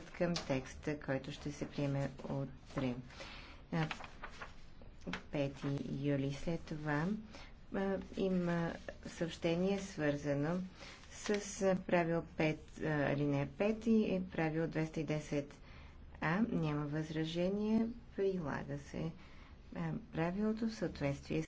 придържат към текста, който ще се приеме утре. 5 юли. След това има съобщение свързано с правил 5, алинея 5 и правил 210а. Няма възражение, прилага се правилото в съответствие